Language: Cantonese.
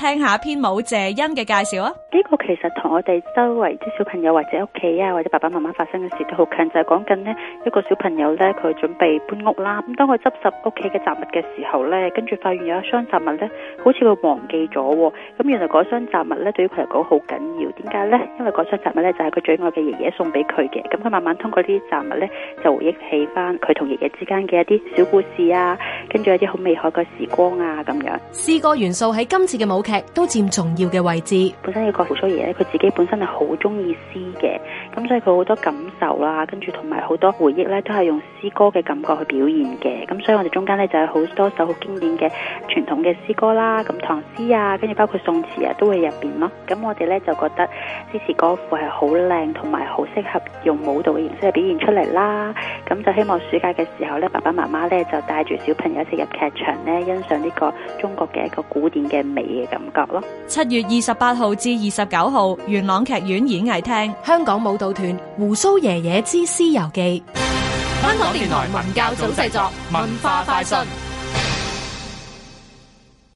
聽下編舞謝恩嘅介紹啊！呢個其實同我哋周圍啲小朋友或者屋企啊或者爸爸媽媽發生嘅事都好近，就係講緊呢一個小朋友呢，佢準備搬屋啦。咁當佢執拾屋企嘅雜物嘅時候呢，跟住發現有一箱雜物呢，好似佢忘記咗。咁原來嗰箱雜物呢，對於佢嚟講好緊要，點解呢？因為嗰箱雜物呢，就係佢最愛嘅爺爺送俾佢嘅。咁佢慢慢通過呢啲雜物呢，就回憶起翻佢同爺爺之間嘅一啲小故事啊，跟住有一啲好美好嘅時光啊，咁樣四個元素喺今次嘅舞，都佔重要嘅位置。本身呢個胡蘇爺咧，佢自己本身係好中意詩嘅，咁所以佢好多感受啦，跟住同埋好多回憶咧，都係用詩歌嘅感覺去表現嘅。咁所以我哋中間咧就有好多首好經典嘅傳統嘅詩歌啦，咁唐詩啊，跟住包括宋詞啊都會入邊咯。咁我哋咧就覺得詩詞歌賦係好靚，同埋好適合用舞蹈嘅形式去表現出嚟啦。咁就希望暑假嘅時候咧，爸爸媽媽咧就帶住小朋友一齊入劇場咧，欣賞呢個中國嘅一個古典嘅美嘅唔，七月二十八號至二十九號，元朗劇院演藝廳，香港舞蹈團《胡蘇爺爺之西遊記》。香港電台文教組製作文化快訊。